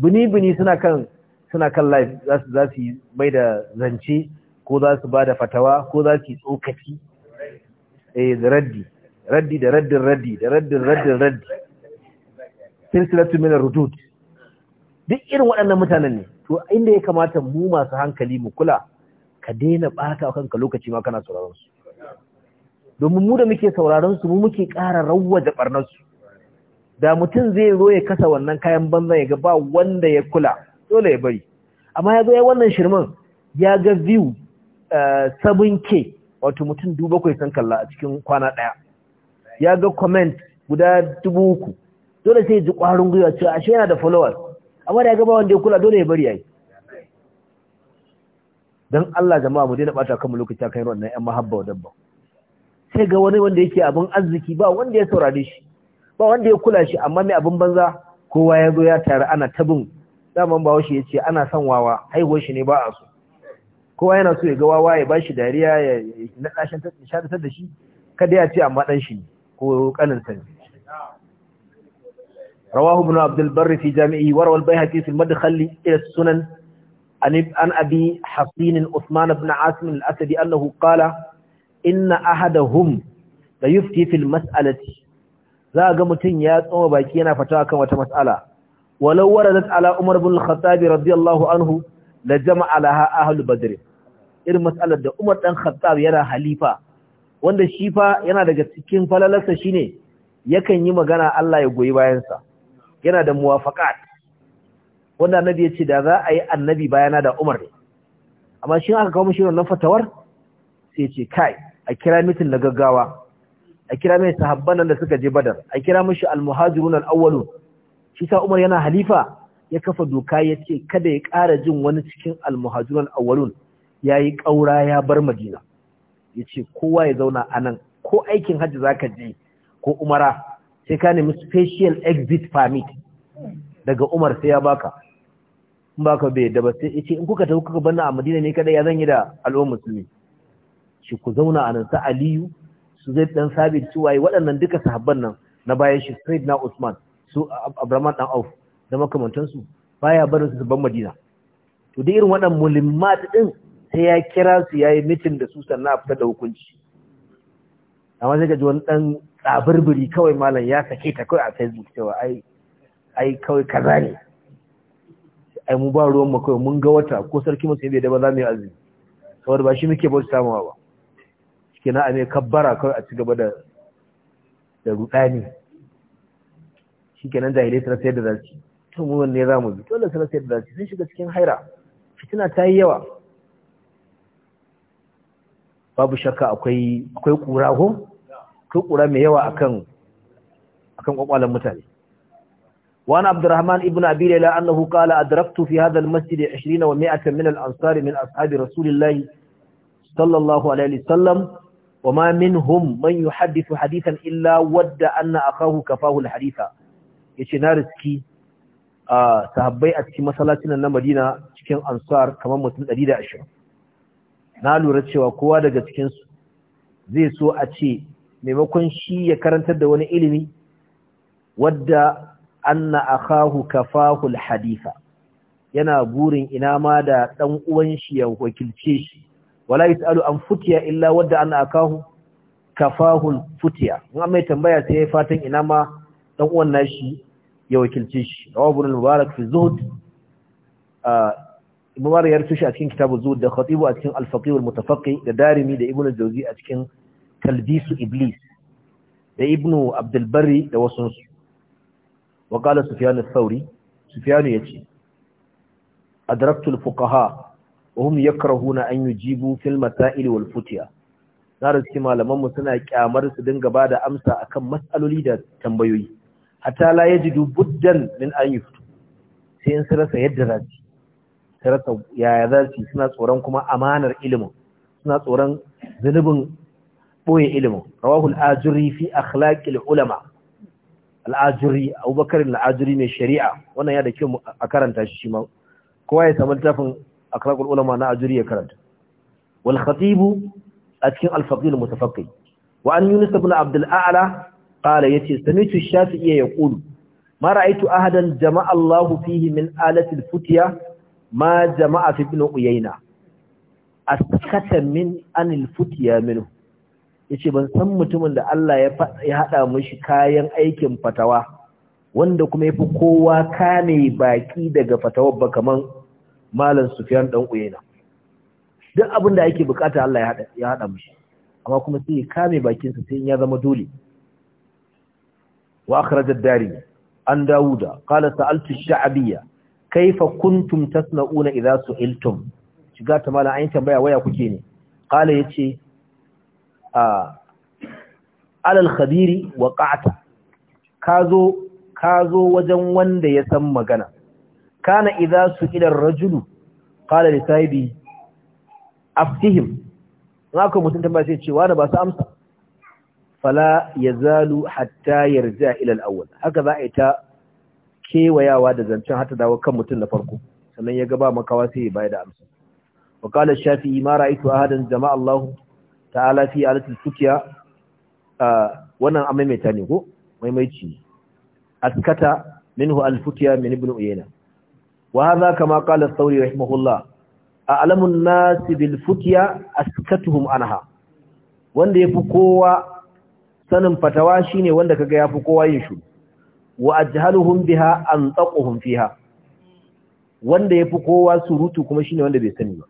bini-bini suna kan suna kan za su yi mai da zance ko za su ba da fatawa ko za su yi tsokaci eh raddi raddi da raddin raddi da raddin raddin raddi silsilatu min ar duk irin waɗannan mutanen ne to inda ya kamata mu masu hankali mu kula ka daina a kanka lokaci ma kana sauraron su domin mu da muke sauraron su mu muke ƙara rawwa da barnar su da mutum zai zo ya kasa wannan kayan banza ya ga ba wanda ya kula dole ya bari amma ya zo ya wannan shirman ya ga view 7k eh, wato mutum dubu bakwai san kalla a cikin kwana ɗaya ya ga comment guda dubu uku dole sai ji ƙwarin gwiwa cewa ashe yana da followers amma da ya gaba wanda ya kula dole ya bari yayi Don Allah jama'a mu daina bata kanmu lokaci kan wannan ƴan mahabba wa dabba sai ga wani wanda yake abin arziki ba wanda ya saurare shi ba wanda ya kula shi amma mai abin banza kowa ya zo ya tare ana tabin daman ba ya ce ana son wawa haihuwar shi ne ba a so kowa yana so ya ga wawa ya bashi dariya ya naɗa da shi kada ya ce amma ɗan shi ko ƙanin sani rawahu ibn abdul barri fi jami'i wa rawal bayhaqi fi madkhali ila sunan an abi hasin usman ibn asim al-asadi annahu qala inna ahadahum la yufti fi al-mas'alati za ga mutun ya tsoma baki yana fatawa kan wata mas'ala walau waradat ala umar ibn al-khattab radiyallahu anhu la jama'a laha ahlul irin matsalar da Umar ɗan Khattab yana halifa wanda shi fa yana daga cikin falalarsa shine yakan yi magana Allah ya goyi bayansa yana da muwafaƙat, wanda annabi ya ce da za a yi annabi bayana da Umar ne amma shi aka kawo mashi wannan fatawar sai ce kai a kira mitin na gaggawa a kira mai sahabban nan da suka je Badar a kira mashi al-muhajirun al shi sa Umar yana halifa ya kafa doka ya ce kada ya ƙara jin wani cikin almuhajirun muhajirun ya yi ƙaura ya bar madina ya ce kowa ya zauna a nan ko aikin hajji za ka je ko umara sai ka nemi special exit permit daga umar sai ya baka in baka bai da sai ya ce in kuka ta kuka banna a madina ne kadai ya zan yi da al'ummar musulmi shi ku zauna a nan sa aliyu su zai dan sabi su waye waɗannan duka sahabban nan na bayan shi sai na usman su abraman dan auf da makamantansu baya barin su ban madina to da irin waɗannan mulimmat din sai ya kira su ya yi mitin da su sannan a fita da hukunci amma sai ka ji wani ɗan tsabirbiri kawai malam ya sake ta kawai a facebook cewa ai ai kawai kaza ne ai mu ba ruwan mu kawai mun ga wata ko sarki mu sai bai da ba za mu yi azumi saboda ba shi muke ba su samawa ba shikenan a ame kabbara kawai a cigaba da da rudani shikenan jahilai sana sayar da zaci to mu wanne za mu bi dole sana sayar da zaci sun shiga cikin haira fitina ta yi yawa babu shakka akwai akwai kura ko akwai kura mai yawa akan akan kwakwalan mutane وعن عبد الرحمن ابن أبي ليلى أنه قال أدركت في هذا المسجد عشرين ومائة من الأنصار من أصحاب رسول الله صلى الله عليه وسلم وما منهم من يحدث حديثا إلا ود أن أخاه كفاه الحديث يشنار سكي sahabbai a cikin masallacin nan na Madina cikin Ansar kamar mutum 120 na lura cewa kowa daga cikinsu zai so a ce maimakon shi ya karantar da wani ilimi wadda anna akahu kafahul hadifa yana burin ina ma da dan uwan shi ya wakilce shi wala yasalu an futiya illa wadda anna akahu kafahul futiya mun amma tambaya sai ya fatan ina ma dan uwan nashi ya wakilce shi rawabul mubarak fi zuhud ibn ya rufe a cikin kitabu zuwa da khatibu a cikin alfaqi wal mutafaqi da darimi da ibn jawzi a cikin talbisu iblis da ibn abdul barri da wasu su wa qala sufyan ath-thawri sufyan yace adraktu al-fuqaha wa hum yakrahuna an yujibu fil wal na rasu malaman mu suna kyamar su dinga bada amsa akan mas'aloli da tambayoyi hatta la yajidu buddan min an yuftu sai in su rasa yadda zaci ta yaya za su suna tsoron kuma amanar ilimin suna tsoron zunubin ɓoye ilimin rawahul ajuri fi akhlaqil ulama al'ajuri abubakar al'ajuri mai shari'a wannan ya da kyau a karanta shi shi ma kowa ya samu littafin akhlaqul ulama na ajuri ya karanta wal khatibu a cikin al-faqih mutafaqqi wa an yunus ibn abd al-a'la qala yace sami'tu shafi'i yaqulu ma ra'aytu ahadan jama'a Allahu fihi min alati al-futiya ma jama'a fi ibn uyayna askata min anil futiya minhu yace ban san mutumin da Allah ya ya hada mishi kayan aikin fatawa wanda kuma yafi kowa kame baki daga fatawar ba kaman malam Sufyan dan uyaina duk abin da ake bukata Allah ya hada ya hada mishi amma kuma sai kame bakin sa sai ya zama dole wa akhraj ad-dari an dauda qala sa'altu ash-sha'biyya kaifa kuntum tasna'una idza su'iltum shiga ta mala ayin tambaya waya kuke ne qala yace a alal khabiri waqa'ta kazo kazo wajen wanda ya san magana kana idza su'ila ar-rajulu qala li sahibi aftihim haka mutum tambaya sai ce wani ba su amsa fala yazalu hatta yarja ila al-awwal haka za a yi ta kewayawa da zancen hata dawo kan mutum na farko sannan ya gaba makawa sai ya bayar da amsa wa qala shafi'i ma ra'aytu ahadan jama'a Allah ta'ala fi alati sukiya wannan an maimaita ne ko maimaici askata minhu al-futiya min ibn uyayna wa hadha kama qala thawri rahimahullah a'lamu an-nas bil futiya askatuhum anha wanda yafi kowa sanin fatawa shine wanda kaga yafi kowa yin shuru wa ajhaluhum biha an taquhum fiha wanda yafi kowa surutu kuma shine wanda bai sani ba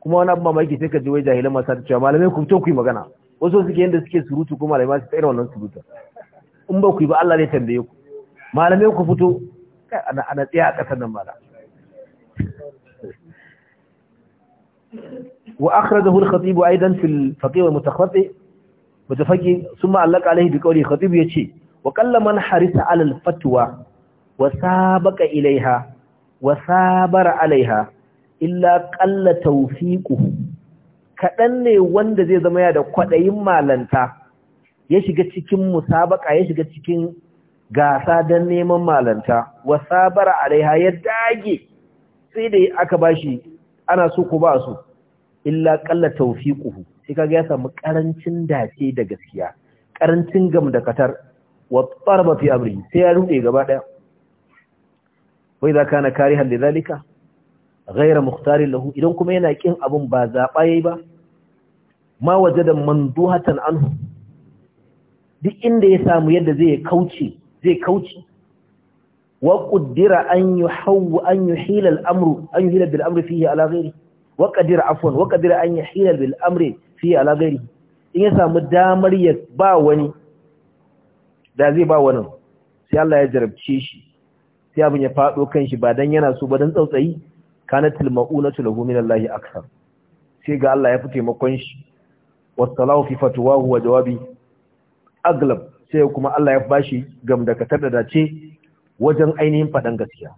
kuma wani abu mamaki sai ka ji wai jahilan masu ta cewa malamai ku fito ku yi magana wasu suke yadda suke surutu kuma malamai su tsayar wannan surutu in ba ku yi ba Allah zai tambaye ku malamai ku fito ana ana tsaya a ƙasar nan mala wa akhrajahu al-khatib aidan fil faqih wa mutakhatti mutafaqi thumma allaka alayhi bi qawli khatib yace wa qalla man harisa alal fatwa wa sabaqa ilaiha wa sabara alaiha illa qalla tawfiquhu kadan ne wanda zai zama ya da kwadayin malanta ya shiga cikin musabaka ya shiga cikin gasa dan neman malanta wa sabara alaiha ya dage sai da aka bashi ana so ku ba su illa qalla tawfiquhu sai kaga ya samu karancin dace da gaskiya karancin gamdakatar. wa tarba fi amri sai ya rude gaba daya wai za kana karihan lidhalika ghayra mukhtarin lahu idan kuma yana kin abun ba zaba yayi ba ma wajada manduhatan anhu duk inda ya samu yadda zai kauce zai kauce wa qaddara an yuhawwa an yuhila al-amru an yuhila bil amri fihi ala ghayri wa qaddara afwan wa qaddara an yuhila bil amri fihi ala ghayri in ya samu damar ya ba wani da zai ba wani sai Allah ya jarabce shi sai abin ya faɗo kan shi ba dan yana so ba dan tsautsayi tilma'u na tulahu min Allah akthar sai ga Allah ya fi taimakon shi wasalahu fi fatwahu wa jawabi aglab sai kuma Allah ya bashi gam da dace wajen ainihin faɗan gaskiya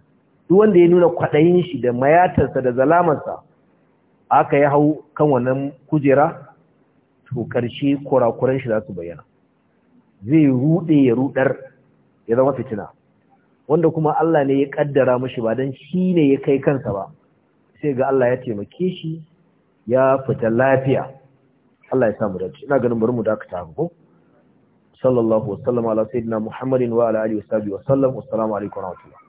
duk wanda ya nuna kwaɗayin shi da mayatarsa da zalamarsa aka ya hau kan wannan kujera to ƙarshe kurakuran shi za su bayyana zai rude ya rudar ya zama fitina wanda kuma Allah ne ya kaddara mashi ba dan shi ne ya kai kansa ba sai ga Allah ya taimake shi ya fita lafiya Allah ya samu dace ina ganin bari mu dakata ko sallallahu wasallama ala sayyidina muhammadin wa ala alihi wasallam assalamu alaikum wa rahmatullah